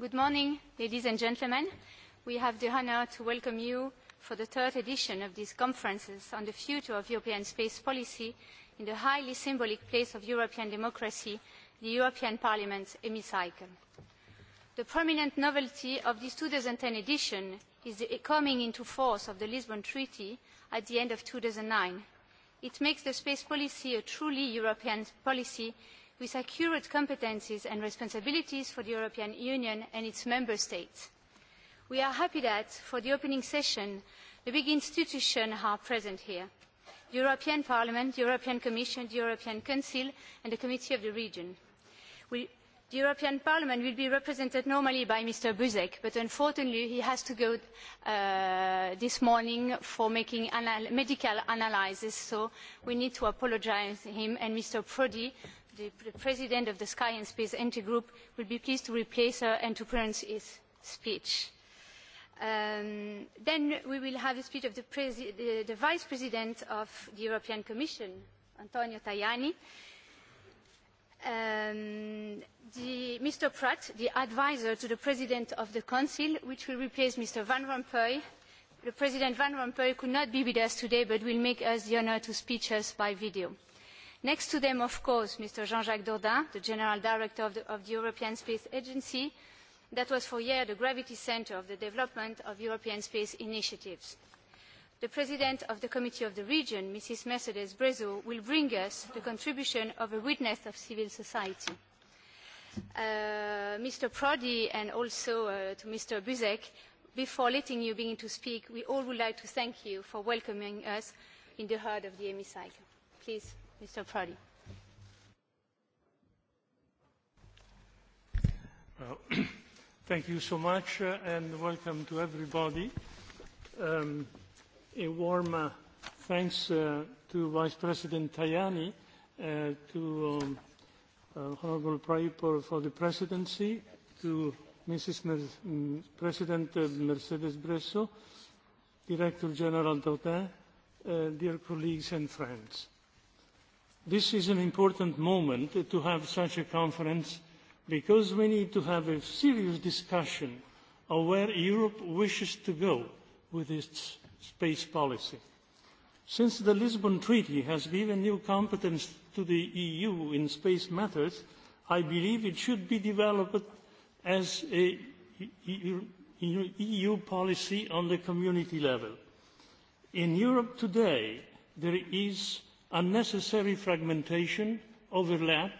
Good morning, ladies and gentlemen. We have the honor to welcome you for the third edition of these conferences on the future of European space policy in the highly symbolic place of European democracy, the European Parliament's hemicycle. The prominent novelty of this 2010 edition is the coming into force of the Lisbon Treaty at the end of 2009. It makes the space policy a truly European policy with accurate competencies and responsibilities for the European Union and its member states. We are happy that, for the opening session, the big institutions are present here. The European Parliament, the European Commission, the European Council and the Committee of the Region. We, the European Parliament will be represented normally by Mr. Buzek, but unfortunately he has to go uh, this morning for making anal medical analysis, so we need to apologize him and Mr. Prodi the president of the Sky and Space Intergroup, will be pleased to replace her and to pronounce his speech. Um, then we will have a speech of the, presi the, the Vice President of the European Commission, Antonio Tajani. Um, the, Mr. Pratt, the advisor to the President of the Council, which will replace Mr. Van Rompuy. The President Van Rompuy could not be with us today, but will make us the honour to speak us by video. Next to them, of course, Mr. Jean-Jacques Dordain, the General Director of the, of the European Space Agency, that was for years the gravity centre of the development of European space initiatives. The President of the Committee of the Region, Mrs. Mercedes Brezo, will bring us the contribution of a witness of civil society. Uh, Mr. Prodi and also uh, to Mr. Buzek, before letting you begin to speak, we all would like to thank you for welcoming us in the heart of the hemicycle. Please. Mr. Prodi. Well, thank you so much uh, and welcome to everybody. Um, a warm uh, thanks uh, to Vice President Tajani, uh, to um, uh, Honorable Praipo for the presidency, to Mrs. Mer- mm, President uh, Mercedes Bresso, Director General Dautin, uh, dear colleagues and friends this is an important moment to have such a conference because we need to have a serious discussion of where Europe wishes to go with its space policy. Since the Lisbon Treaty has given new competence to the EU in space matters, I believe it should be developed as a EU policy on the community level. In Europe today, there is unnecessary fragmentation, overlap,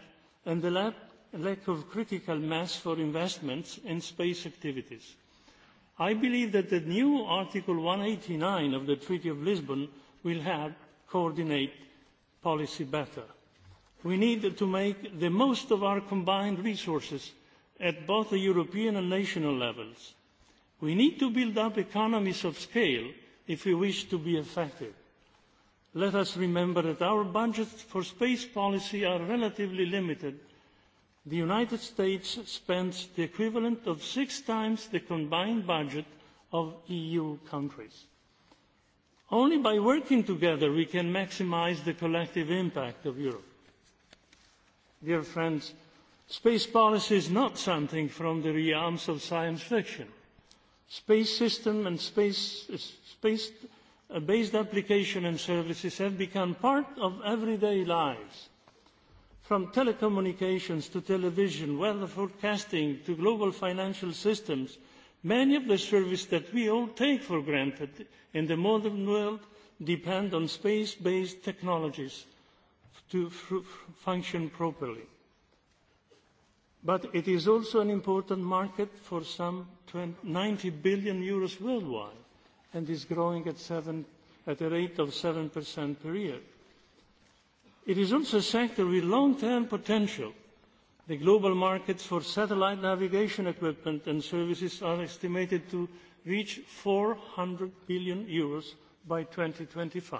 and the lack, lack of critical mass for investments in space activities. I believe that the new Article 189 of the Treaty of Lisbon will help coordinate policy better. We need to make the most of our combined resources at both the European and national levels. We need to build up economies of scale if we wish to be effective Let us remember that our budgets for space policy are relatively limited. The United States spends the equivalent of six times the combined budget of EU countries. Only by working together we can maximize the collective impact of Europe. Dear friends, space policy is not something from the realms of science fiction. Space system and space, space based applications and services have become part of everyday lives. From telecommunications to television, weather forecasting to global financial systems, many of the services that we all take for granted in the modern world depend on space-based technologies to function properly. But it is also an important market for some 90 billion euros worldwide and is growing at, seven, at a rate of 7% per year. It is also a sector with long-term potential. The global markets for satellite navigation equipment and services are estimated to reach 400 billion euros by 2025.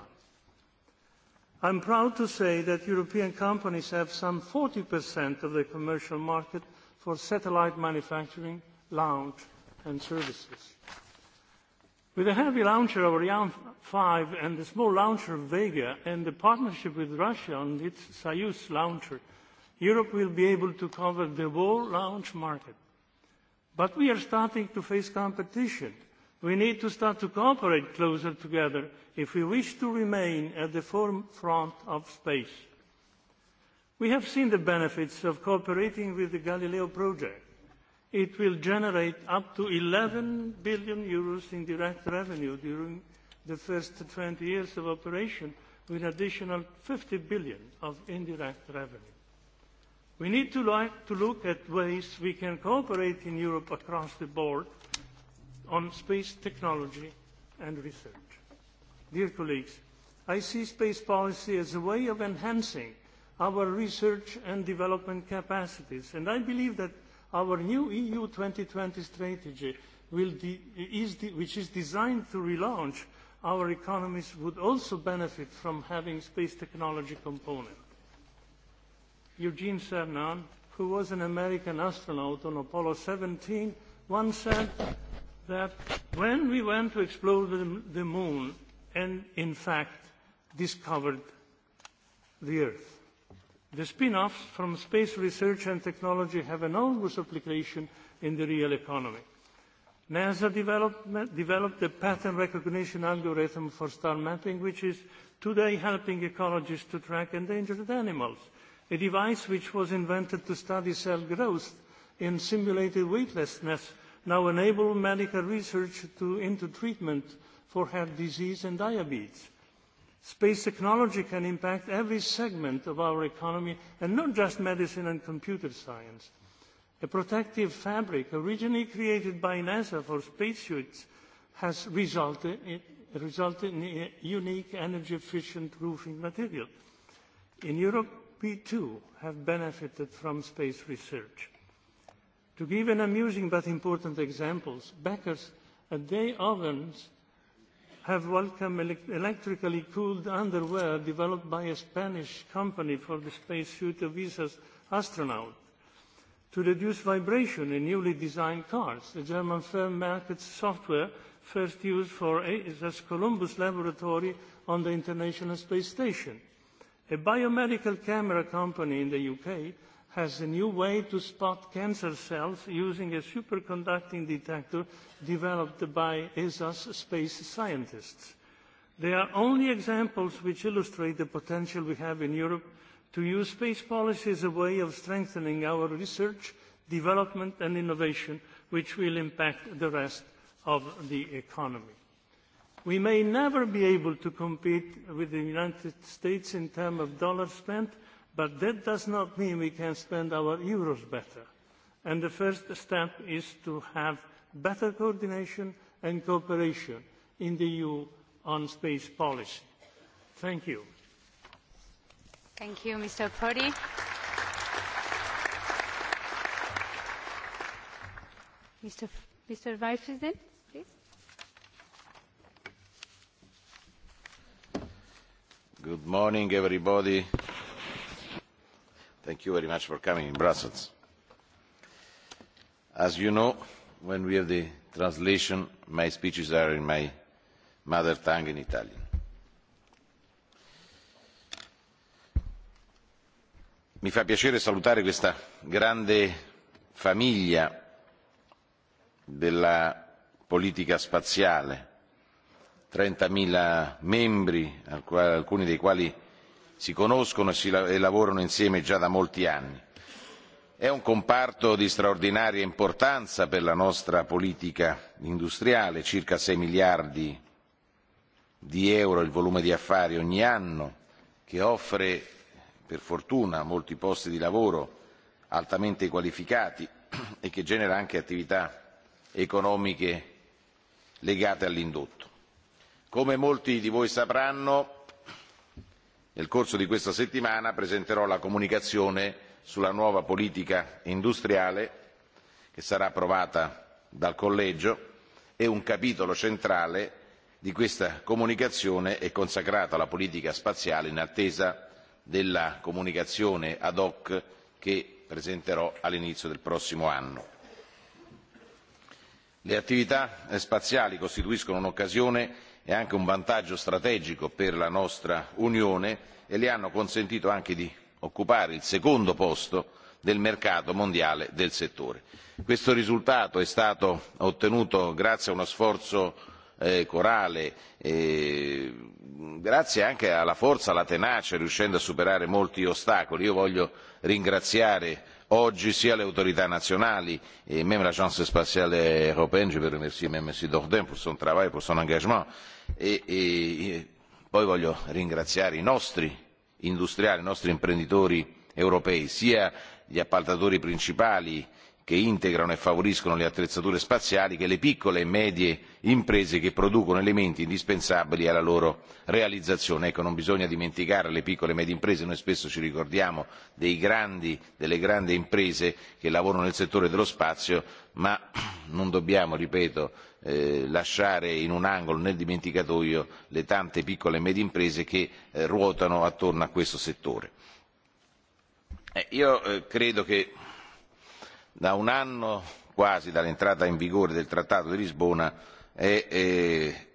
I'm proud to say that European companies have some 40% of the commercial market for satellite manufacturing, launch and services. With the heavy launcher of Ariane 5 and the small launcher of Vega and the partnership with Russia on its Soyuz launcher, Europe will be able to cover the whole launch market. But we are starting to face competition. We need to start to cooperate closer together if we wish to remain at the forefront of space. We have seen the benefits of cooperating with the Galileo project it will generate up to 11 billion euros in direct revenue during the first 20 years of operation, with additional 50 billion of indirect revenue. We need to, like, to look at ways we can cooperate in Europe across the board on space technology and research. Dear colleagues, I see space policy as a way of enhancing our research and development capacities, and I believe that our new EU 2020 strategy, will de is de which is designed to relaunch our economies, would also benefit from having space technology component. Eugene Cernan, who was an American astronaut on Apollo 17, once said that when we went to explore the, the moon and, in fact, discovered the Earth, The spin-offs from space research and technology have enormous application in the real economy. NASA developed, developed a pattern recognition algorithm for star mapping, which is today helping ecologists to track endangered animals, a device which was invented to study cell growth in simulated weightlessness, now enable medical research to, into treatment for heart disease and diabetes Space technology can impact every segment of our economy, and not just medicine and computer science. A protective fabric originally created by NASA for spacesuits has resulted in, resulted in a unique energy-efficient roofing material. In Europe, we too have benefited from space research. To give an amusing but important example, backers at their ovens have welcomed elect electrically cooled underwear developed by a Spanish company for the spacesuit of ESA's astronaut. To reduce vibration in newly designed cars, the German firm markets software first used for ESA's Columbus laboratory on the International Space Station. A biomedical camera company in the UK has a new way to spot cancer cells using a superconducting detector developed by ESA's space scientists. They are only examples which illustrate the potential we have in Europe to use space policy as a way of strengthening our research, development and innovation, which will impact the rest of the economy. We may never be able to compete with the United States in terms of dollars spent, But that does not mean we can spend our euros better. And the first step is to have better coordination and cooperation in the EU on space policy. Thank you. Thank you, Mr. Prodi. Mr. F Mr. Vice President, please. Good morning, everybody Thank you very much for coming in Brussels. As you know, when we have the translation, my speeches are in my mother tongue in Italian. Mi fa piacere salutare questa grande famiglia della politica spaziale, 30.000 membri, alcuni dei quali si conoscono e, e lavorano insieme già da molti anni. è un comparto di straordinaria importanza per la nostra politica industriale circa sei miliardi di euro il volume di affari ogni anno che offre per fortuna molti posti di lavoro altamente qualificati e che genera anche attività economiche legate all'indotto. come molti di voi sapranno nel corso di questa settimana presenterò la comunicazione sulla nuova politica industriale che sarà approvata dal collegio e un capitolo centrale di questa comunicazione è consacrato alla politica spaziale in attesa della comunicazione ad hoc che presenterò all'inizio del prossimo anno. le attività spaziali costituiscono un'occasione e anche un vantaggio strategico per la nostra unione e le hanno consentito anche di occupare il secondo posto del mercato mondiale del settore. questo risultato è stato ottenuto grazie a uno sforzo eh, corale eh, grazie anche alla forza alla tenacia riuscendo a superare molti ostacoli. io voglio ringraziare oggi sia les autorités nationales et même l'agence spatiale européenne je veux remercier même m. daerden pour son travail pour son engagement e, e, e poi voglio ringraziare i nostri industriali i nostri imprenditori europei sia gli appaltatori principali che integrano e favoriscono le attrezzature spaziali che le piccole e medie imprese che producono elementi indispensabili alla loro realizzazione. Ecco, non bisogna dimenticare le piccole e medie imprese, noi spesso ci ricordiamo dei grandi, delle grandi imprese che lavorano nel settore dello spazio, ma non dobbiamo, ripeto, eh, lasciare in un angolo nel dimenticatoio le tante piccole e medie imprese che eh, ruotano attorno a questo settore. Eh, io eh, credo che da un anno quasi dall'entrata in vigore del trattato di lisbona è, è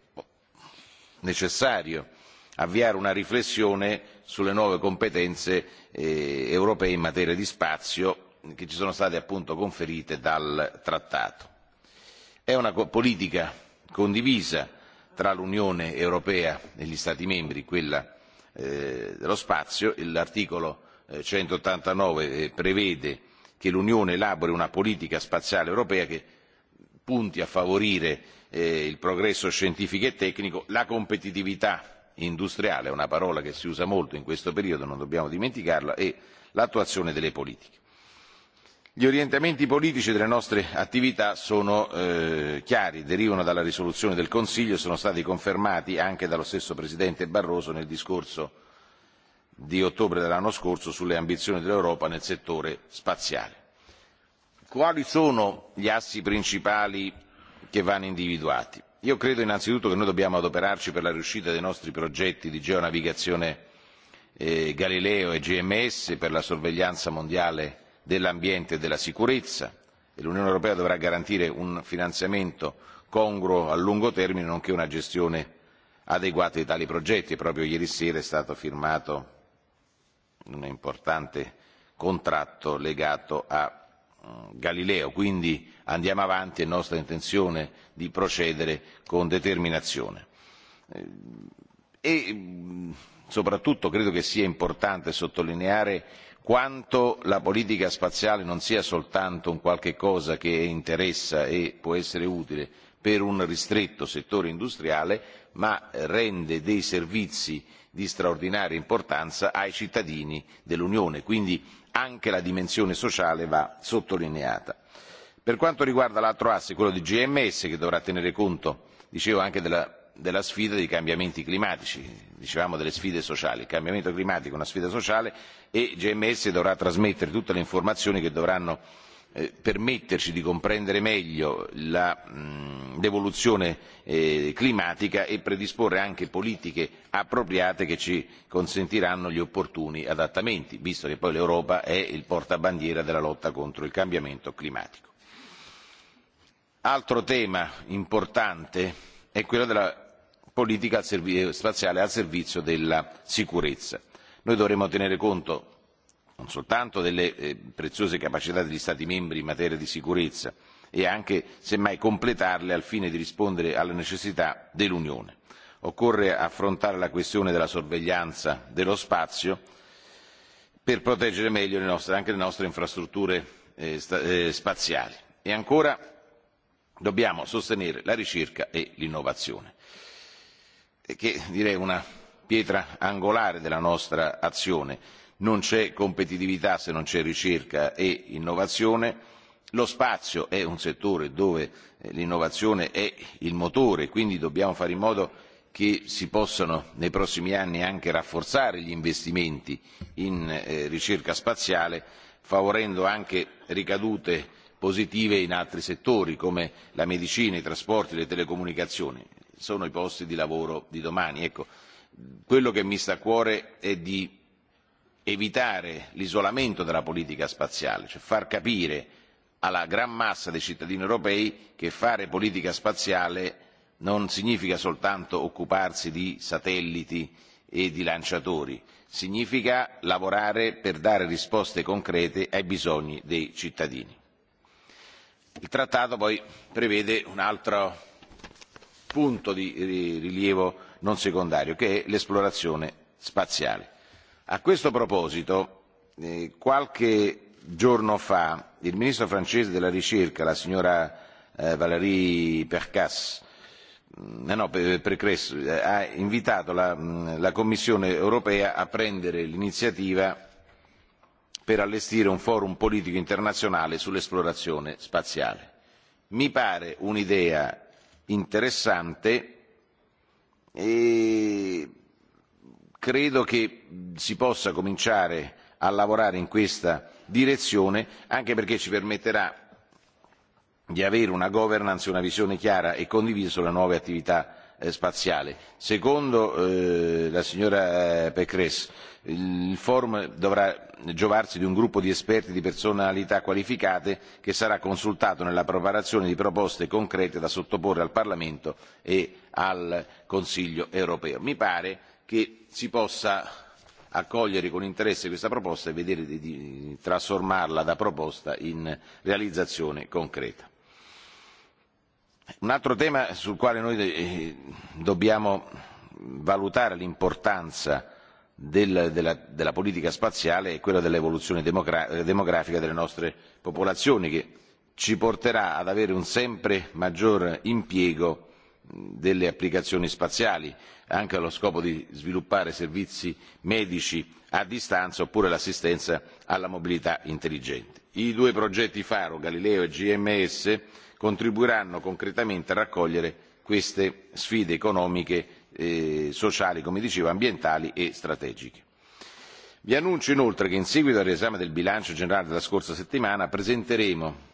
necessario avviare una riflessione sulle nuove competenze eh, europee in materia di spazio che ci sono state appunto conferite dal trattato. È una co politica condivisa tra l'Unione europea e gli Stati membri, quella eh, dello spazio. L'articolo eh, 189 eh, prevede che l'unione elabori una politica spaziale europea che punti a favorire eh, il progresso scientifico e tecnico la competitività industriale è una parola che si usa molto in questo periodo non dobbiamo dimenticarla e l'attuazione delle politiche. gli orientamenti politici delle nostre attività sono eh, chiari derivano dalla risoluzione del consiglio e sono stati confermati anche dallo stesso presidente barroso nel discorso di ottobre dell'anno scorso sulle ambizioni dell'Europa nel settore spaziale. Quali sono gli assi principali che vanno individuati? Io credo innanzitutto che noi dobbiamo adoperarci per la riuscita dei nostri progetti di geonavigazione eh, Galileo e GMS, per la sorveglianza mondiale dell'ambiente e della sicurezza e l'Unione Europea dovrà garantire un finanziamento congruo a lungo termine nonché una gestione adeguata di tali progetti. Proprio ieri sera è stato firmato un importante contratto legato a mm, Galileo, quindi andiamo avanti, è nostra intenzione di procedere con determinazione. Eh, e mm, soprattutto credo che sia importante sottolineare quanto la politica spaziale non sia soltanto un qualche cosa che interessa e può essere utile per un ristretto settore industriale, ma rende dei servizi di straordinaria importanza ai cittadini dell'unione quindi anche la dimensione sociale va sottolineata. per quanto riguarda l'altro asse quello del gms che dovrà tenere conto dicevo anche della sfida dei cambiamenti climatici dicevamo delle sfide sociali il cambiamento climatico è una sfida sociale e gms dovrà trasmettere tutte le informazioni che dovranno eh, permetterci di comprendere meglio l'evoluzione eh, climatica e predisporre anche politiche appropriate che ci consentiranno gli opportuni adattamenti, visto che poi l'Europa è il portabandiera della lotta contro il cambiamento climatico. Altro tema importante è quello della politica eh, spaziale al servizio della sicurezza. Noi dovremo tenere conto non soltanto delle eh, preziose capacità degli stati membri in materia di sicurezza e anche semmai completarle al fine di rispondere alle necessità dell'unione. occorre affrontare la questione della sorveglianza dello spazio per proteggere meglio anche le nostre infrastrutture eh, eh, spaziali e ancora dobbiamo sostenere la ricerca e l'innovazione che direi è una pietra angolare della nostra azione non c'è competitività se non c'è ricerca e innovazione lo spazio è un settore dove eh, l'innovazione è il motore quindi dobbiamo fare in modo che si possano nei prossimi anni anche rafforzare gli investimenti in eh, ricerca spaziale favorendo anche ricadute positive in altri settori come la medicina i trasporti le telecomunicazioni sono i posti di lavoro di domani. quello che mi sta a cuore è di evitare l'isolamento della politica spaziale cioè far capire alla gran massa dei cittadini europei che fare politica spaziale non significa soltanto occuparsi di satelliti e di lanciatori significa lavorare per dare risposte concrete ai bisogni dei cittadini. il trattato poi prevede un altro punto di rilievo non secondario che è l'esplorazione spaziale a questo proposito eh, qualche giorno fa il ministro francese della ricerca la signora eh, valérie pécresse mm, eh, ha invitato mm, la commissione europea a prendere l'iniziativa per allestire un forum politico internazionale sull'esplorazione spaziale. mi pare un'idea interessante e credo che si possa cominciare a lavorare in questa direzione anche perché ci permetterà di avere una governance e una visione chiara e condivisa sulle nuove attività eh, spaziali. secondo eh, la signora eh, pécresse il forum dovrà giovarsi di un gruppo di esperti di personalità qualificate che sarà consultato nella preparazione di proposte concrete da sottoporre al parlamento e al consiglio europeo. mi pare che si possa accogliere con interesse questa proposta e vedere di, di trasformarla da proposta in realizzazione concreta. Un altro tema sul quale noi eh, dobbiamo valutare l'importanza del, della, della politica spaziale è quella dell'evoluzione demogra- demografica delle nostre popolazioni che ci porterà ad avere un sempre maggior impiego delle applicazioni spaziali anche allo scopo di sviluppare servizi medici a distanza oppure l'assistenza alla mobilità intelligente. i due progetti faro galileo e gms contribuiranno concretamente a raccogliere queste sfide economiche eh, sociali come dicevo ambientali e strategiche. vi annuncio inoltre che in seguito al riesame del bilancio generale della scorsa settimana presenteremo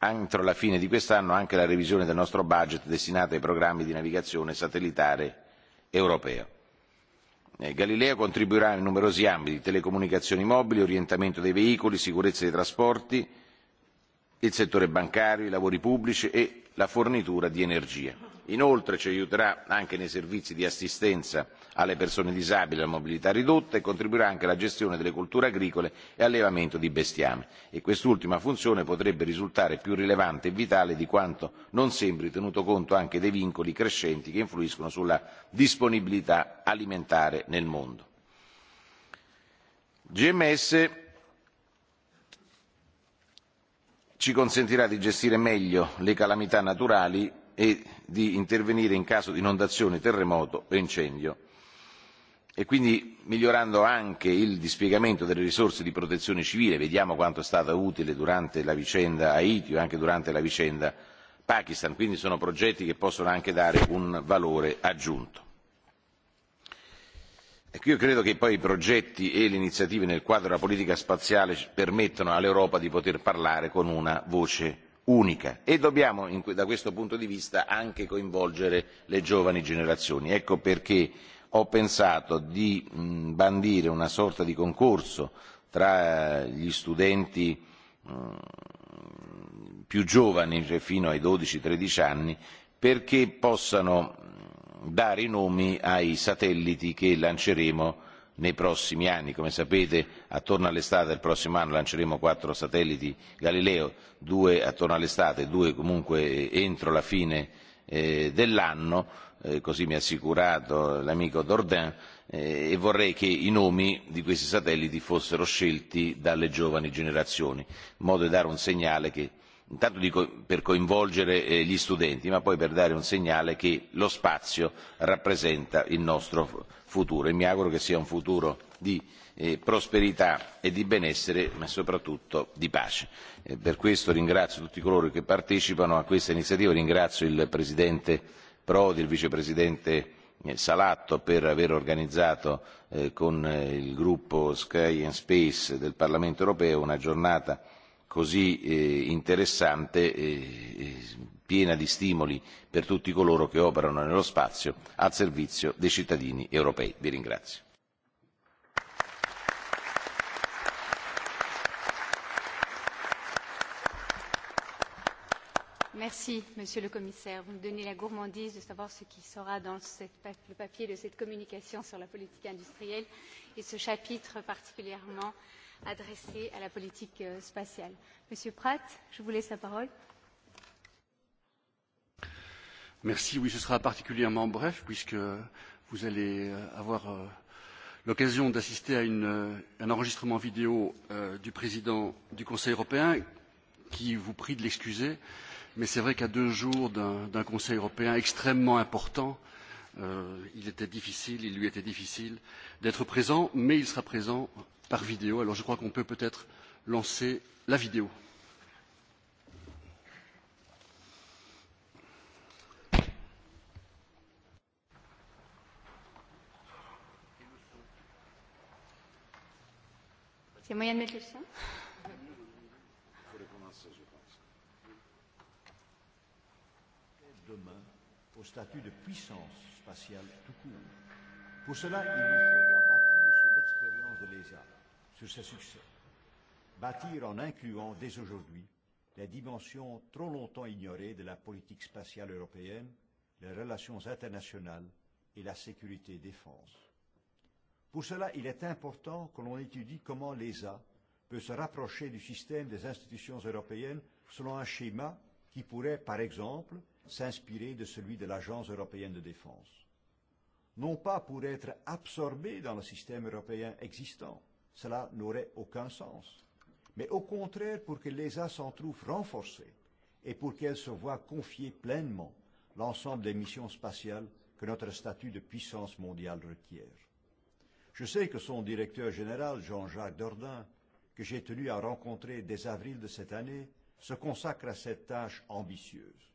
entro la fine di quest'anno anche la revisione del nostro budget destinato ai programmi di navigazione satellitare europeo. Eh, Galileo contribuirà in numerosi ambiti telecomunicazioni mobili, orientamento dei veicoli, sicurezza dei trasporti, il settore bancario, i lavori pubblici e la fornitura di energia. inoltre ci aiuterà anche nei servizi di assistenza alle persone disabili e a mobilità ridotta e contribuirà anche alla gestione delle colture agricole e all'allevamento di bestiame e quest'ultima funzione potrebbe risultare più rilevante e vitale di quanto non sembri tenuto conto anche dei vincoli crescenti che influiscono sulla disponibilità alimentare nel mondo. gms ci consentirà di gestire meglio le calamità naturali e di intervenire in caso di inondazioni terremoto o incendio e quindi migliorando anche il dispiegamento delle risorse di protezione civile vediamo quanto è stata utile durante la vicenda haiti o anche durante la vicenda pakistan quindi sono progetti che possono anche dare un valore aggiunto ecco io credo che poi i progetti e le iniziative nel quadro della politica spaziale permettano all'europa di poter parlare con una voce unica e dobbiamo da questo punto di vista anche coinvolgere le giovani generazioni ecco perché ho pensato di bandire una sorta di concorso tra eh, gli studenti più giovani fino ai dodici tredici anni perché possano dare i nomi ai satelliti che lanceremo nei prossimi anni. Come sapete attorno all'estate del prossimo anno lanceremo quattro satelliti Galileo, due attorno all'estate e due comunque eh, entro la fine eh, dell'anno, eh, così mi ha assicurato l'amico Dordain, eh, e vorrei che i nomi di questi satelliti fossero scelti dalle giovani generazioni, in modo da dare un segnale che intanto dico per coinvolgere eh, gli studenti ma poi per dare un segnale che lo spazio rappresenta il nostro futuro e mi auguro che sia un futuro di eh, prosperità e di benessere ma soprattutto di pace. Eh, per questo ringrazio tutti coloro che partecipano a questa iniziativa ringrazio il presidente prodi e il vicepresidente salato per aver organizzato con il gruppo sky and space del parlamento europeo una giornata così eh, interessante e, e piena di stimoli per tutti coloro che operano nello spazio al servizio dei cittadini europei. vi ringrazio. Merci, Monsieur le Commissaire. Vous me donnez la gourmandise de savoir ce qui sera dans cette, le papier de cette communication sur la politique industrielle et ce chapitre particulièrement euh, adressée à la politique euh, spatiale. Monsieur Pratt, je vous laisse la parole. Merci. Oui, ce sera particulièrement bref puisque vous allez euh, avoir euh, l'occasion d'assister à une, euh, un enregistrement vidéo euh, du président du Conseil européen qui vous prie de l'excuser. Mais c'est vrai qu'à deux jours d'un Conseil européen extrêmement important, euh, il était difficile, il lui était difficile d'être présent, mais il sera présent par vidéo. Alors je crois qu'on peut peut-être lancer la vidéo. C'est moyen de mettre le son Il faut recommencer, je pense. Demain, au statut de puissance spatiale tout court. Pour cela, il nous faudra bâtir sur l'expérience de l'ESA sur ses succès. Bâtir en incluant dès aujourd'hui les dimensions trop longtemps ignorées de la politique spatiale européenne, les relations internationales et la sécurité défense. Pour cela, il est important que l'on étudie comment l'ESA peut se rapprocher du système des institutions européennes selon un schéma qui pourrait, par exemple, s'inspirer de celui de l'Agence européenne de défense. Non pas pour être absorbé dans le système européen existant, cela n'aurait aucun sens. Mais au contraire, pour que l'ESA s'en trouve renforcée et pour qu'elle se voie confier pleinement l'ensemble des missions spatiales que notre statut de puissance mondiale requiert. Je sais que son directeur général, Jean-Jacques Dordain, que j'ai tenu à rencontrer dès avril de cette année, se consacre à cette tâche ambitieuse.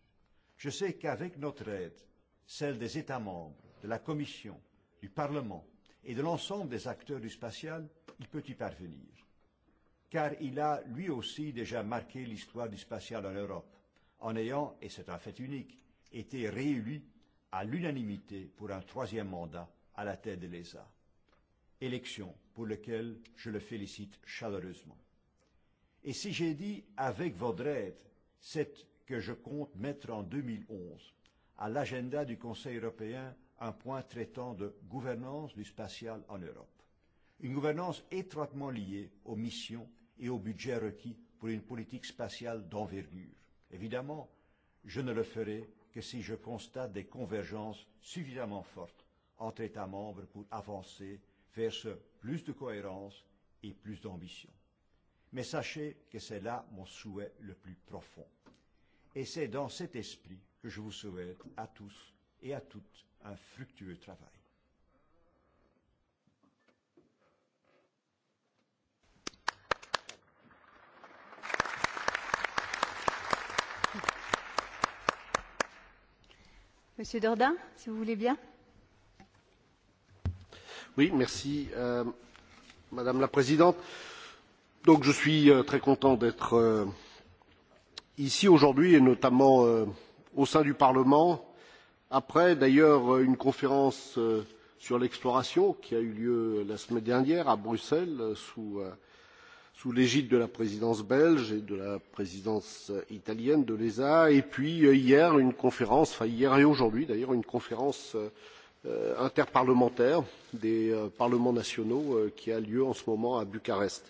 Je sais qu'avec notre aide, celle des États membres, de la Commission, du Parlement et de l'ensemble des acteurs du spatial, il peut y parvenir. Car il a lui aussi déjà marqué l'histoire du spatial en Europe, en ayant, et c'est un fait unique, été réélu à l'unanimité pour un troisième mandat à la tête de l'ESA. Élection pour laquelle je le félicite chaleureusement. Et si j'ai dit avec votre aide, c'est que je compte mettre en 2011 à l'agenda du Conseil européen un point traitant de gouvernance du spatial en Europe. Une gouvernance étroitement liée aux missions et au budget requis pour une politique spatiale d'envergure. Évidemment, je ne le ferai que si je constate des convergences suffisamment fortes entre États membres pour avancer vers ce plus de cohérence et plus d'ambition. Mais sachez que c'est là mon souhait le plus profond. Et c'est dans cet esprit que je vous souhaite à tous et à toutes un fructueux travail. Monsieur Dordain, si vous voulez bien. Oui, merci, euh, Madame la Présidente. Donc, je suis euh, très content d'être euh, ici aujourd'hui et notamment euh, au sein du Parlement après d'ailleurs une conférence euh, sur l'exploration qui a eu lieu la semaine dernière à bruxelles euh, sous, euh, sous l'égide de la présidence belge et de la présidence italienne de l'esa et puis hier une conférence enfin hier et aujourd'hui d'ailleurs une conférence interparlementaire des parlements nationaux qui a lieu en ce moment à bucarest.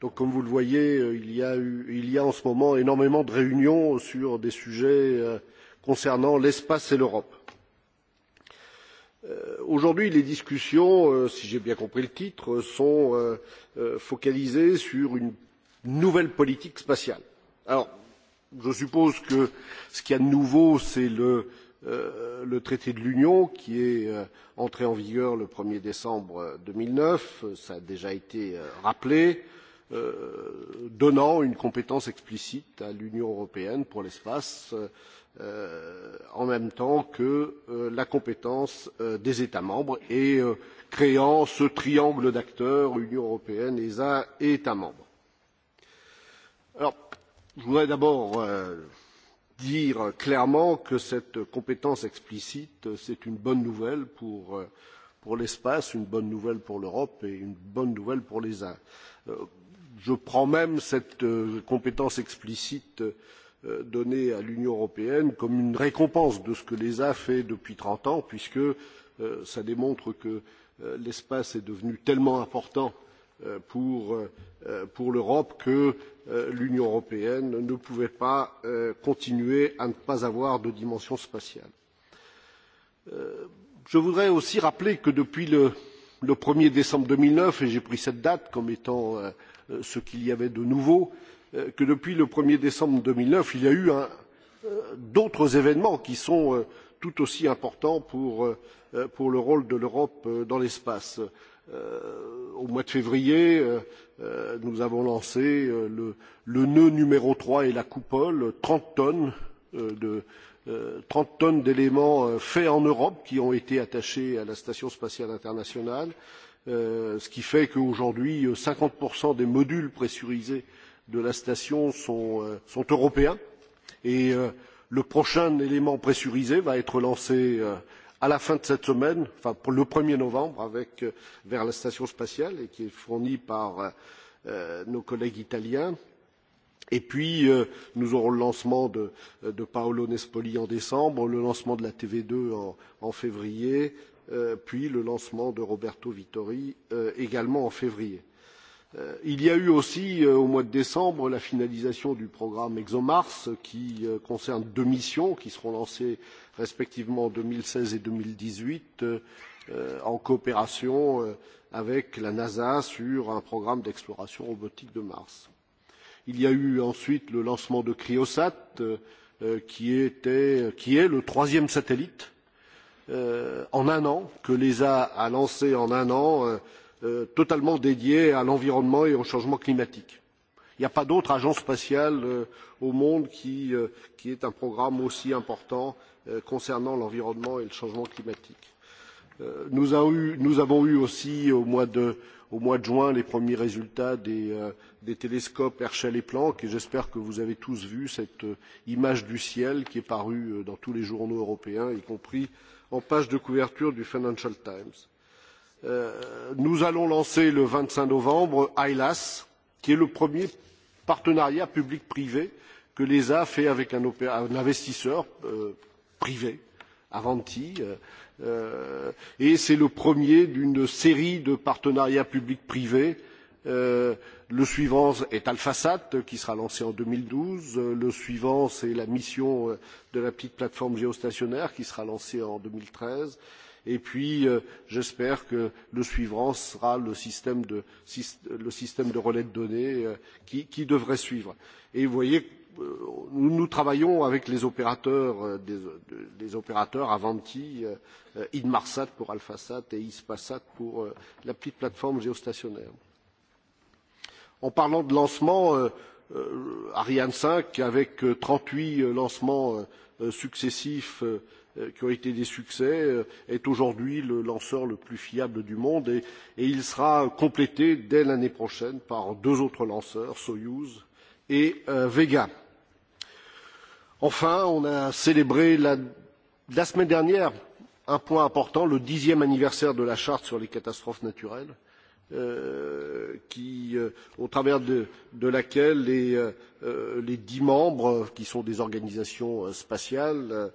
Donc, comme vous le voyez il y, a eu, il y a en ce moment énormément de réunions sur des sujets concernant l'espace et l'europe. Euh, aujourd'hui les discussions euh, si j'ai bien compris le titre sont euh, focalisées sur une nouvelle politique spatiale. alors je suppose que ce qu'il y a de nouveau c'est le le traité de l'union qui est entré en vigueur le un er décembre deux mille neuf cela a déjà été rappelé et Euh, donnant une compétence explicite à l'Union européenne pour l'espace, euh, en même temps que euh, la compétence euh, des États membres et euh, créant ce triangle d'acteurs Union européenne, ESA et États membres. Alors, je voudrais d'abord euh, dire clairement que cette compétence explicite, c'est une bonne nouvelle pour, euh, pour l'espace, une bonne nouvelle pour l'Europe et une bonne nouvelle pour l'ESA. Euh, je prends même cette euh, compétence explicite euh, donnée à l'union européenne comme une récompense de ce que l'esa fait depuis trente ans puisque cela euh, démontre que l'espace est devenu tellement important pour l'europe que l'union européenne ne pouvait pas continuer à ne pas avoir de dimension spatiale. je voudrais aussi rappeler que depuis le un er décembre deux mille neuf et j'ai pris cette date comme étant Euh, ce qu'il y avait de nouveau euh, que depuis le un er décembre deux mille neuf il y a eu euh, d'autres événements qui sont tout aussi importants pour, pour le rôle de l'europe dans l'espace. au mois de février nous avons lancé le, le nœud numéro trois et la coupole trente tonnes de trente tonnes d'éléments faits en europe qui ont été attachés à la station spatiale internationale et euh, ce qui fait qu'aujourd'hui euh, cinquante des modules pressurisés de la station sont, euh, sont européens et euh, le prochain élément pressurisé va être lancé euh, à la fin de cette semaine, enfin pour le 1er novembre, avec, euh, vers la station spatiale et qui est fourni par euh, euh, nos collègues italiens. Et puis, euh, nous aurons le lancement de, euh, de Paolo Nespoli en décembre, le lancement de la TV2 en, en février, euh, puis le lancement de Roberto Vittori euh, également en février. Euh, il y a eu aussi euh, au mois de décembre la finalisation du programme ExoMars qui euh, concerne deux missions qui seront lancées respectivement en 2016 et 2018 euh, en coopération euh, avec la NASA sur un programme d'exploration robotique de Mars. Il y a eu ensuite le lancement de Cryosat euh, euh, qui, était, qui est le troisième satellite euh, euh, en un an, que l'ESA a lancé en un an, euh, euh, totalement dédié à l'environnement et au changement climatique. Il n'y a pas d'autre agence spatiale euh, au monde qui, euh, qui ait un programme aussi important euh, concernant l'environnement et le changement climatique. Euh, nous, a eu, nous avons eu aussi au mois de, au mois de juin les premiers résultats des, euh, des télescopes Herschel et Planck et j'espère que vous avez tous vu cette euh, image du ciel qui est parue euh, dans tous les journaux européens, y compris euh, en page de couverture du Financial Times. Euh, nous allons lancer le 25 novembre ILAS, qui est le premier partenariat public-privé que l'ESA a fait avec un, un investisseur euh, privé, Avanti, euh, euh, et c'est le premier d'une série de partenariats public-privés euh, Euh, le suivant est AlphaSat, qui sera lancé en 2012. Euh, le suivant, c'est la mission euh, de la petite plateforme géostationnaire, qui sera lancée en 2013. Et puis, euh, j'espère que le suivant sera le système de, le système de relais de données euh, qui, qui devrait suivre. Et vous voyez, euh, nous, nous travaillons avec les opérateurs, euh, des, des opérateurs Avanti, euh, euh Inmarsat pour AlphaSat et Ispasat pour euh, la petite plateforme géostationnaire en parlant de lancement euh, euh, ariane cinq avec euh, trente huit lancements successifs qui ont été des succès est aujourd'hui le lanceur le plus fiable du monde et, et il sera complété dès l'année prochaine par deux autres lanceurs Soyouz et euh, Vega. Enfin, on a célébré la, la semaine dernière un point important, le dixième anniversaire de la charte sur les catastrophes naturelles. Euh, Euh, qui, euh, au travers de, de laquelle les, euh, les dix membres, qui sont des organisations spatiales,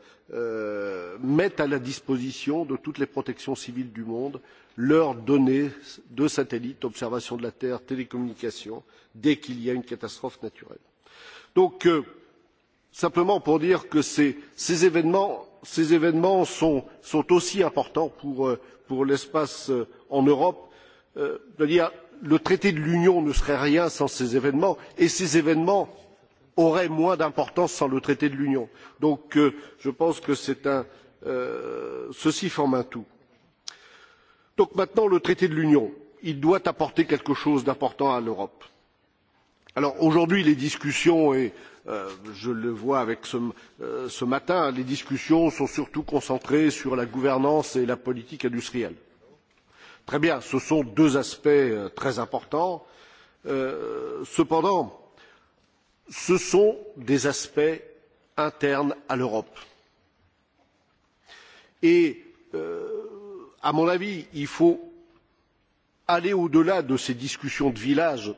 mettent à la disposition de toutes les protections civiles du monde leurs données de satellites, observation de la Terre, télécommunications, dès qu'il y a une catastrophe naturelle. Donc, euh, simplement pour dire que ces, ces événements, ces événements sont, sont aussi importants pour, pour l'espace en Europe de euh, dire le traité de l'union ne serait rien sans ces événements et ces événements auraient moins d'importance sans le traité de l'union. donc euh, je pense que euh, ceci forme un tout. donc maintenant le traité de l'union il doit apporter quelque chose d'important à l'europe. alors aujourd'hui les discussions et je le vois avec ce, ce matin les discussions sont surtout concentrées sur la gouvernance et la politique industrielle. Très bien, ce sont deux aspects euh, très importants. Euh, cependant, ce sont des aspects internes à l'Europe. Et, euh, à mon avis, il faut aller au-delà de ces discussions de village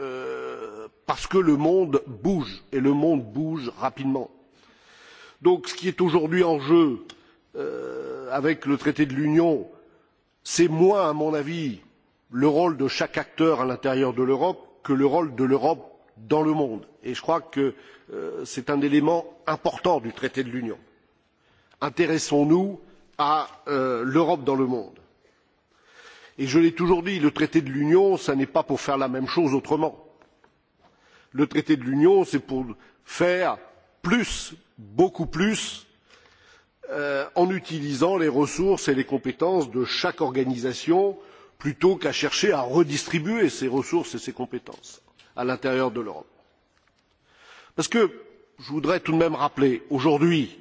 euh, parce que le monde bouge et le monde bouge rapidement. Donc, ce qui est aujourd'hui en jeu euh, avec le traité de l'Union, euh, c'est moins à mon avis le rôle de chaque acteur à l'intérieur de l'europe que le rôle de l'europe dans le monde et je crois que euh, c'est un élément important du traité de l'union. intéressons nous à euh, l'europe dans le monde. et je l'ai toujours dit le traité de l'union ce n'est pas pour faire la même chose autrement. le traité de l'union c'est pour faire plus beaucoup plus Euh, en utilisant les ressources et les compétences de chaque organisation plutôt qu'à chercher à redistribuer ces ressources et ces compétences à l'intérieur de l'europe. parce que je voudrais tout de même rappeler aujourd'hui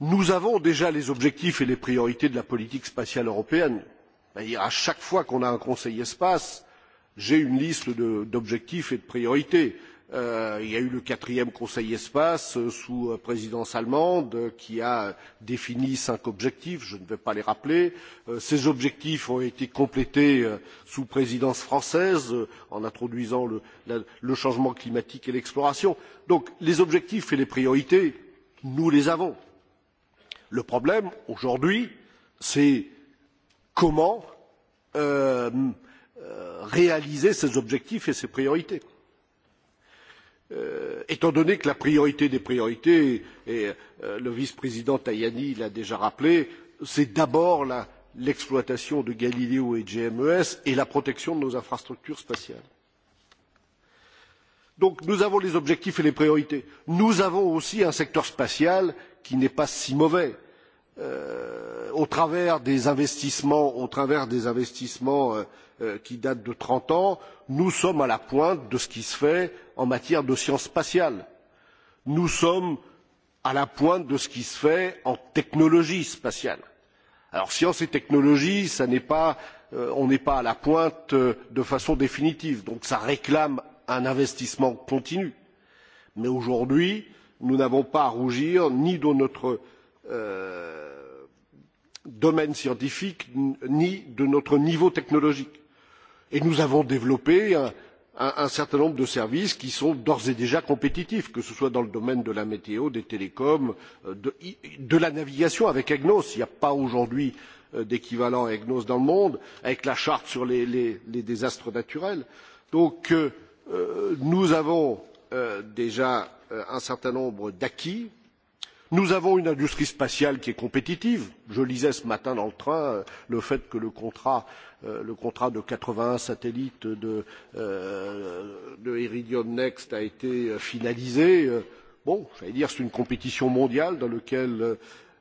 nous avons déjà les objectifs et les priorités de la politique spatiale européenne c'est à dire à chaque fois qu'on a un conseil espace j'ai une liste d'objectifs et de priorités. Euh, il y a eu le quatrième Conseil espace euh, sous euh, présidence allemande euh, qui a défini cinq objectifs, je ne vais pas les rappeler. Euh, ces objectifs ont été complétés euh, sous présidence française euh, en introduisant le, la, le changement climatique et l'exploration. Donc les objectifs et les priorités, nous les avons. Le problème aujourd'hui, c'est comment euh, euh, réaliser ces objectifs et ces priorités euh, étant donné que la priorité des priorités, et euh, le vice-président Tajani l'a déjà rappelé, c'est d'abord l'exploitation de Galileo et GMES et la protection de nos infrastructures spatiales. Donc nous avons les objectifs et les priorités. Nous avons aussi un secteur spatial qui n'est pas si mauvais. Euh, au travers des investissements, au travers des investissements euh, euh, qui datent de trente ans, nous sommes à la pointe de ce qui se fait en matière de sciences spatiales. Nous sommes à la pointe de ce qui se fait en technologie spatiale. Alors sciences et technologies, ça n'est pas, euh, on n'est pas à la pointe euh, de façon définitive, donc ça réclame un investissement continu. Mais aujourd'hui, nous n'avons pas à rougir ni de notre euh, domaine scientifique ni de notre niveau technologique et nous avons développé un, un, un certain nombre de services qui sont d'ores et déjà compétitifs que ce soit dans le domaine de la météo des télécoms euh, de, de la navigation avec egnos il n'y a pas aujourd'hui euh, d'équivalent à egnos dans le monde avec la charte sur les, les, les désastres naturels. donc euh, euh nous avons euh, déjà un certain nombre d'acquis nous avons une industrie spatiale qui est compétitive je lisais ce matin dans le train euh, le fait que le contrat euh, le contrat de quatre vingt un satellites de, euh, de Iridium Next a été euh, finalisé. Bon, j'allais dire, c'est une compétition mondiale dans laquelle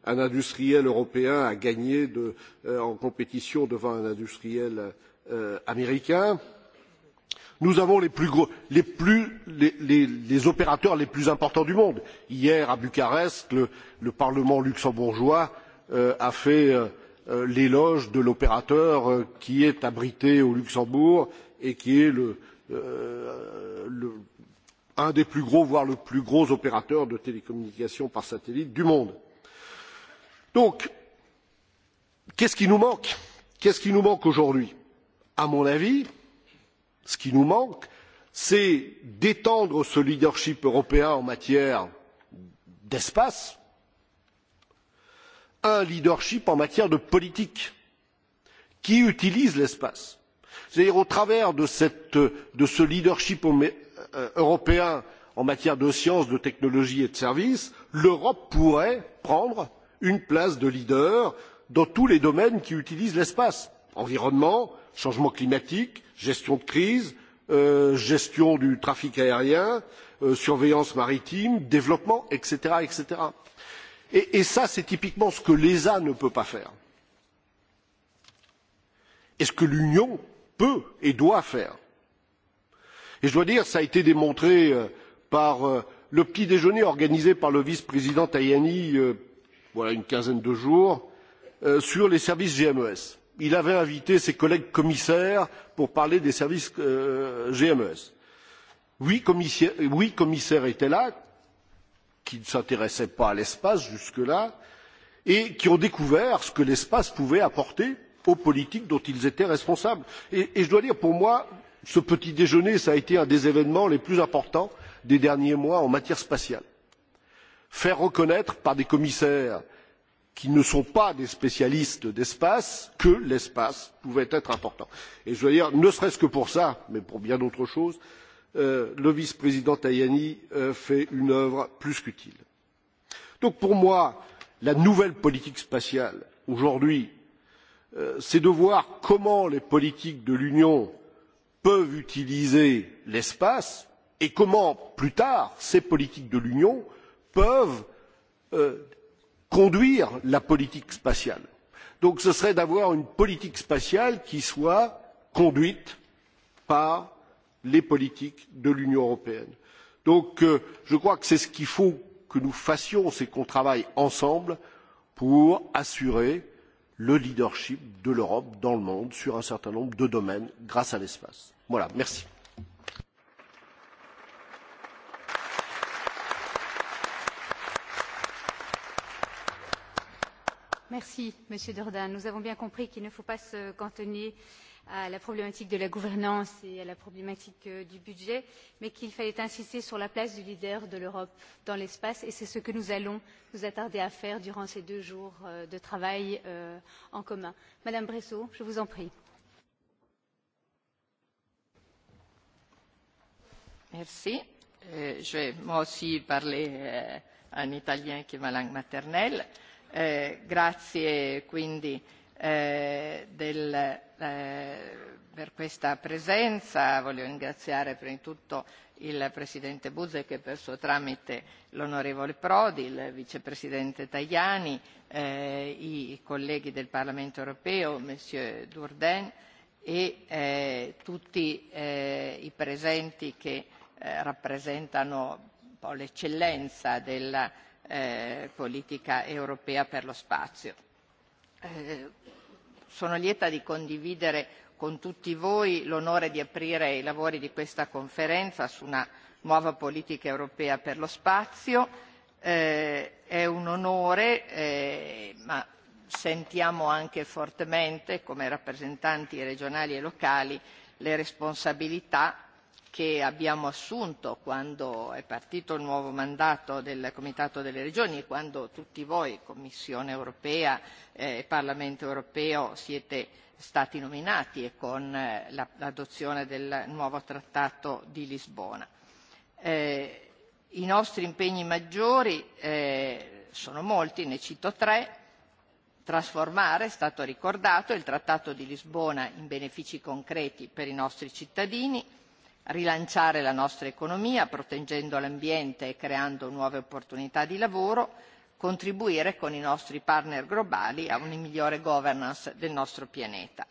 un industriel européen a gagné de, euh, en compétition devant un industriel euh, américain. Euh, nous avons les, plus gros, les, plus, les, les, les opérateurs les plus importants du monde. Hier, à Bucarest, le, le Parlement luxembourgeois euh, a fait euh, euh l'éloge de l'opérateur euh, qui est abrité au Luxembourg et qui est le, euh, le, un des plus gros, voire le plus gros opérateur de télécommunications par satellite du monde. Donc, qu'est-ce qui nous manque Qu'est-ce qui nous manque aujourd'hui À mon avis, euh, ce qui nous manque c'est d'étendre ce leadership européen en matière d'espace à un leadership en matière de politique qui utilise l'espace. c'est à dire au travers de, cette, de ce leadership euh, européen en matière de sciences de technologies et de services l'europe pourrait prendre une place de leader dans tous les domaines qui utilisent l'espace environnement changement climatique gestion de crise euh, gestion du trafic aérien euh, surveillance maritime développement etc. etc. et, et ça c'est typiquement ce que l'esa ne peut pas faire et ce que l'union peut et doit faire. et je dois dire ça a été démontré euh, par euh, le petit déjeuner organisé par le vice président tajani euh, voilà une quinzaine de jours sur les services gmes il avait invité ses collègues commissaires pour parler des services euh, gmes. huit commissaires, oui, commissaires étaient là qui ne s'intéressaient pas à l'espace jusque là et qui ont découvert ce que l'espace pouvait apporter aux politiques dont ils étaient responsables. Et, et je dois dire pour moi ce petit déjeuner a été un des événements les plus importants des derniers mois en matière spatiale. faire reconnaître par des commissaires qui ne sont pas des spécialistes d'espace que l'espace pouvait être important. Et je dois dire, ne serait-ce que pour ça, mais pour bien d'autres choses, euh, le vice-président Tajani euh, fait une œuvre plus qu'utile. Donc pour moi, la nouvelle politique spatiale aujourd'hui, euh, c'est de voir comment les politiques de l'Union peuvent utiliser l'espace et comment plus tard ces politiques de l'Union peuvent euh, conduire la politique spatiale. Donc ce serait d'avoir une politique spatiale qui soit conduite par les politiques de l'Union européenne. Donc euh, je crois que c'est ce qu'il faut que nous fassions, c'est qu'on travaille ensemble pour assurer le leadership de l'Europe dans le monde sur un certain nombre de domaines grâce à l'espace. Voilà, merci. merci monsieur jordan nous avons bien compris qu'il ne faut pas se cantonner à la problématique de la gouvernance et à la problématique euh, du budget mais qu'il fallait insister sur la place du leader de l'europe dans l'espace et c'est ce que nous allons nous attarder à faire durant ces deux jours euh, de travail euh, en commun. madame bresso je vous en prie. Merci. Euh, je vais moi aussi parler euh, en italien qui est ma langue maternelle. Euh, Eh, grazie quindi eh, del, eh, per questa presenza. Voglio ringraziare prima di tutto il Presidente Buzek e per suo tramite l'onorevole Prodi, il Vicepresidente Tajani, eh, i colleghi del Parlamento europeo, Monsieur Durden e eh, tutti eh, i presenti che eh, rappresentano un po' l'eccellenza della eh, politica europea per lo spazio. Eh, sono lieta di condividere con tutti voi l'onore di aprire i lavori di questa conferenza su una nuova politica europea per lo spazio. Eh, è un onore, eh, ma sentiamo anche fortemente, come rappresentanti regionali e locali, le responsabilità che abbiamo assunto quando è partito il nuovo mandato del Comitato delle Regioni e quando tutti voi, Commissione europea e eh, Parlamento europeo, siete stati nominati e con eh, la, l'adozione del nuovo Trattato di Lisbona. Eh, I nostri impegni maggiori eh, sono molti, ne cito tre. Trasformare, è stato ricordato, il Trattato di Lisbona in benefici concreti per i nostri cittadini, rilanciare la nostra economia proteggendo l'ambiente e creando nuove opportunità di lavoro contribuire con i nostri partner globali a una migliore governance del nostro pianeta.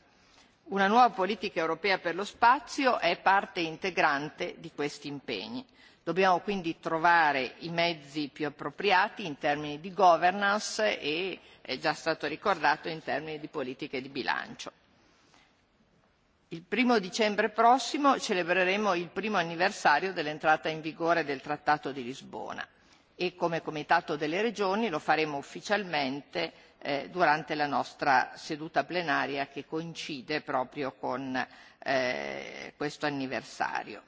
una nuova politica europea per lo spazio è parte integrante di questi impegni. dobbiamo quindi trovare i mezzi più appropriati in termini di governance e è già stato ricordato in termini di politiche di bilancio il uno dicembre prossimo celebreremo il primo anniversario dell'entrata in vigore del trattato di lisbona e come comitato delle regioni lo faremo ufficialmente eh, durante la nostra seduta plenaria che coincide proprio con eh, questo anniversario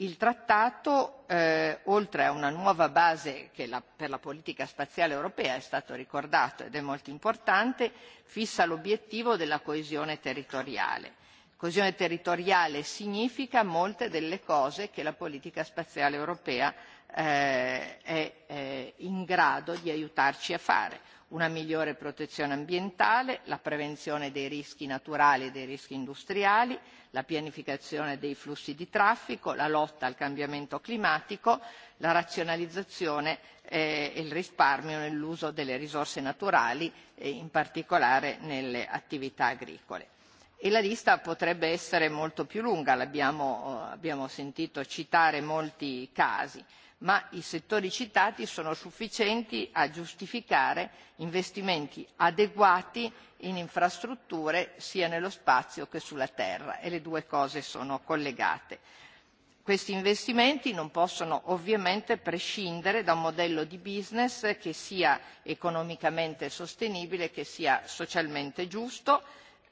il trattato eh, oltre a una nuova base che la, per la politica spaziale europea è stato ricordato ed è molto importante fissa l'obiettivo della coesione territoriale. coesione territoriale significa molte delle cose che la politica spaziale europea eh, è eh, in grado di aiutarci a fare una migliore protezione ambientale la prevenzione dei rischi naturali e dei rischi industriali la pianificazione dei flussi di traffico la lotta al cambiamento climatico la razionalizzazione eh, e il risparmio nell'uso delle risorse naturali eh, in particolare nelle attività agricole. E la lista potrebbe essere molto più lunga eh, abbiamo sentito citare molti casi ma i settori citati sono sufficienti a giustificare investimenti adeguati in infrastrutture sia nello spazio che sulla terra e le due cose sono collegate. Questi investimenti non possono ovviamente prescindere da un modello di business che sia economicamente sostenibile, che sia socialmente giusto,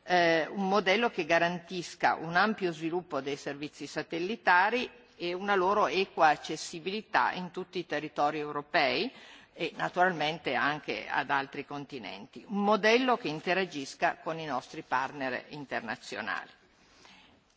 eh, un modello che garantisca un ampio sviluppo dei servizi satellitari e una loro equa accessibilità in tutti i territori europei e naturalmente anche ad altri continenti, un modello che interagisca con i nostri partner internazionali,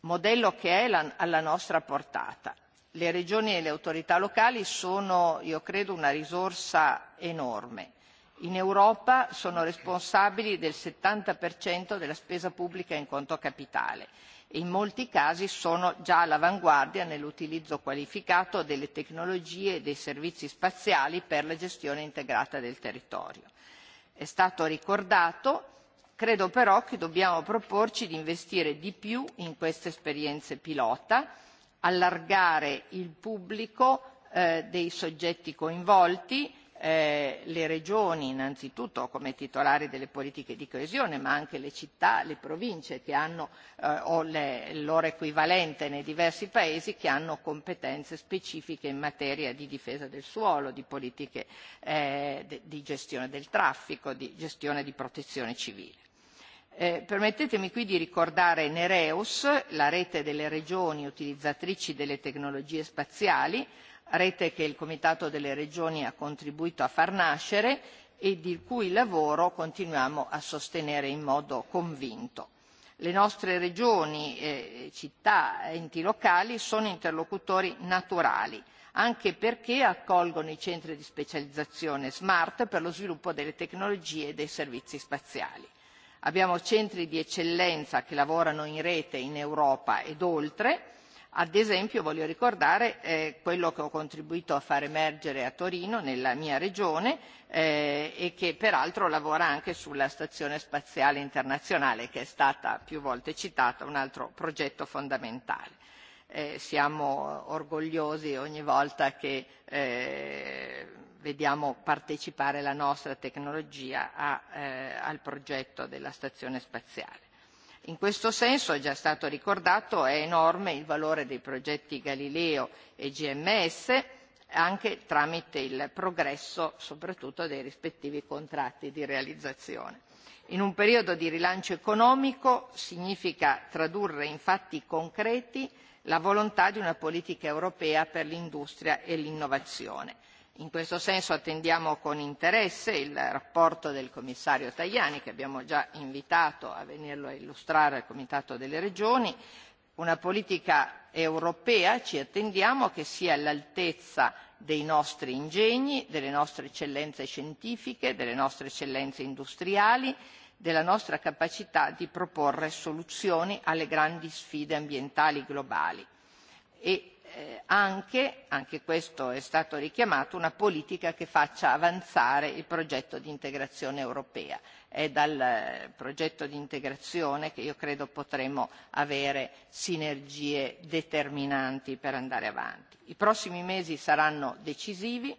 modello che è la, alla nostra portata. Le regioni e le autorità locali sono, io credo, una risorsa enorme. In Europa sono responsabili del 70% della spesa pubblica in conto capitale in molti casi sono già all'avanguardia nell'utilizzo qualificato delle tecnologie e dei servizi spaziali per la gestione integrata del territorio. È stato ricordato, credo però che dobbiamo proporci di investire di più in queste esperienze pilota, allargare il pubblico eh, dei soggetti coinvolti, eh, le regioni innanzitutto come titolari delle politiche di coesione ma anche le città, le province che hanno, eh, o le, il loro equivalente nei diversi paesi che hanno competenze specifiche in materia di difesa del suolo, di politiche eh, de, di gestione del traffico, di gestione di protezione civile. Eh, permettetemi qui di ricordare Nereus, la rete delle regioni utilizzatrici delle tecnologie spaziali, rete che il comitato delle regioni ha contribuito a far nascere e di cui lavoro continuiamo a sostenere in modo convinto. le nostre regioni eh, città ed enti locali sono interlocutori naturali anche perché accolgono i centri di specializzazione smart per lo sviluppo delle tecnologie e dei servizi spaziali. abbiamo centri di eccellenza che lavorano in rete in europa ed oltre ad esempio voglio ricordare eh, quello che ho contribuito a far emergere a torino nella mia regione eh, e che peraltro lavora anche sulla stazione spaziale internazionale che è stata più volte citata un altro progetto fondamentale. Eh, siamo orgogliosi ogni volta che eh, vediamo partecipare la nostra tecnologia a, eh, al progetto della stazione spaziale In questo senso, è già stato ricordato, è enorme il valore dei progetti Galileo e GMS anche tramite il progresso soprattutto dei rispettivi contratti di realizzazione. In un periodo di rilancio economico significa tradurre in fatti concreti la volontà di una politica europea per l'industria e l'innovazione. In questo senso attendiamo con interesse il rapporto del commissario Tajani, che abbiamo già invitato a venirlo a illustrare al Comitato delle Regioni. Una politica europea ci attendiamo che sia all'altezza dei nostri ingegni, delle nostre eccellenze scientifiche, delle nostre eccellenze industriali, della nostra capacità di proporre soluzioni alle grandi sfide ambientali globali e eh, anche, anche questo è stato richiamato, una politica che faccia avanzare il progetto di integrazione europea. È dal eh, progetto di integrazione che io credo potremo avere sinergie determinanti per andare avanti. I prossimi mesi saranno decisivi,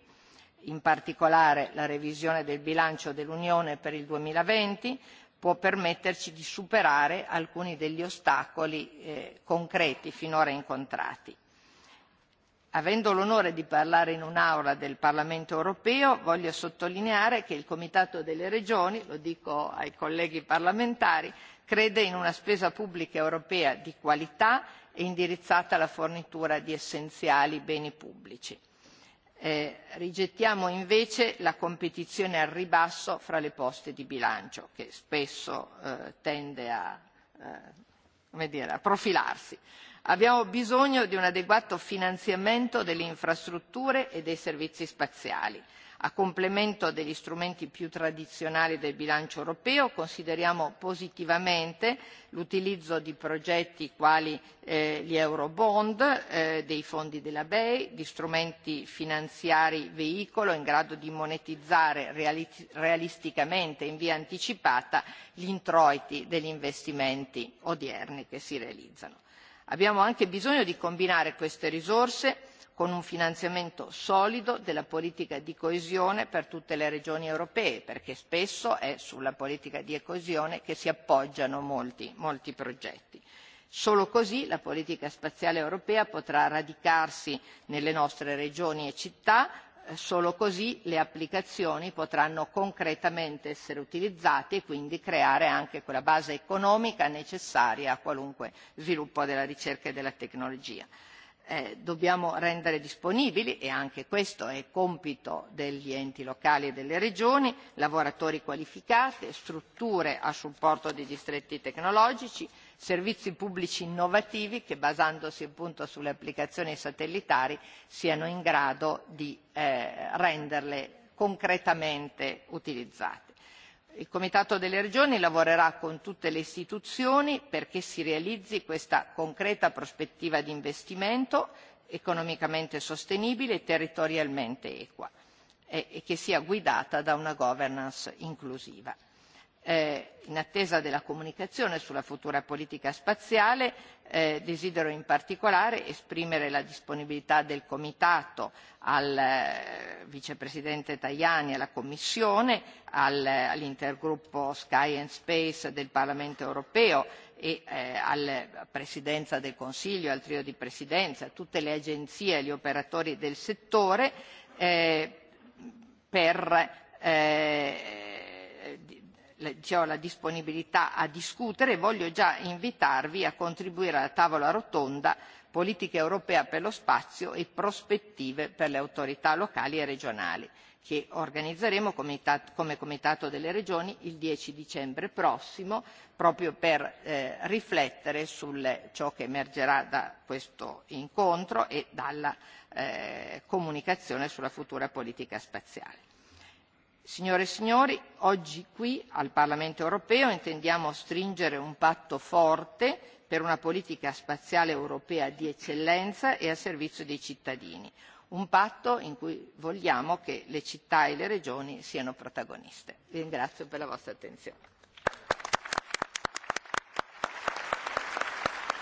in particolare la revisione del bilancio dell'Unione per il 2020, può permetterci di superare alcuni degli ostacoli eh, concreti finora incontrati avendo l'onore di parlare in un'aula del parlamento europeo voglio sottolineare che il comitato delle regioni lo dico ai colleghi parlamentari crede in una spesa pubblica europea di qualità e indirizzata alla fornitura di essenziali beni pubblici. Eh, rigettiamo invece la competizione al ribasso fra le poste di bilancio che spesso eh, tende a eh, come dire a profilarsi abbiamo bisogno di un adeguato finanziamento delle infrastrutture e dei servizi spaziali. a complemento degli strumenti più tradizionali del bilancio europeo consideriamo positivamente l'utilizzo di progetti quali eh, gli eurobond eh, dei fondi della bei di strumenti finanziari veicolo in grado di monetizzare realisticamente in via anticipata gli introiti degli investimenti odierni che si realizzano abbiamo anche bisogno di combinare queste risorse con un finanziamento solido della politica di coesione per tutte le regioni europee perché spesso è sulla politica di coesione che si appoggiano molti, molti progetti. Solo così la politica spaziale europea potrà radicarsi nelle nostre regioni e città Eh, solo così le applicazioni potranno concretamente essere utilizzate e quindi creare anche quella base economica necessaria a qualunque sviluppo della ricerca e della tecnologia. Eh, dobbiamo rendere disponibili, e anche questo è compito degli enti locali e delle regioni, lavoratori qualificati, strutture a supporto dei distretti tecnologici, servizi pubblici innovativi che basandosi appunto sulle applicazioni satellitari siano in grado di eh, renderle concretamente utilizzate. Il Comitato delle Regioni lavorerà con tutte le istituzioni perché si realizzi questa concreta prospettiva di investimento economicamente sostenibile e territorialmente equa e, e che sia guidata da una governance inclusiva. Eh, in attesa della comunicazione sulla futura politica spaziale eh, desidero in particolare esprimere la disponibilità del Comitato al eh, Vicepresidente Tajani, alla Commissione, al, all'intergruppo Sky and Space del Parlamento europeo e eh, alla Presidenza del Consiglio, al trio di Presidenza, a tutte le agenzie e gli operatori del settore eh, per eh, ho la disponibilità a discutere e voglio già invitarvi a contribuire alla tavola rotonda politica europea per lo spazio e prospettive per le autorità locali e regionali che organizzeremo come comitato delle regioni il dieci dicembre prossimo proprio per eh, riflettere su ciò che emergerà da questo incontro e dalla eh, comunicazione sulla futura politica spaziale signore e signori oggi qui al parlamento europeo intendiamo stringere un patto forte per una politica spaziale europea di eccellenza e al servizio dei cittadini un patto in cui vogliamo che le città e le regioni siano protagoniste. vi ringrazio per la vostra attenzione.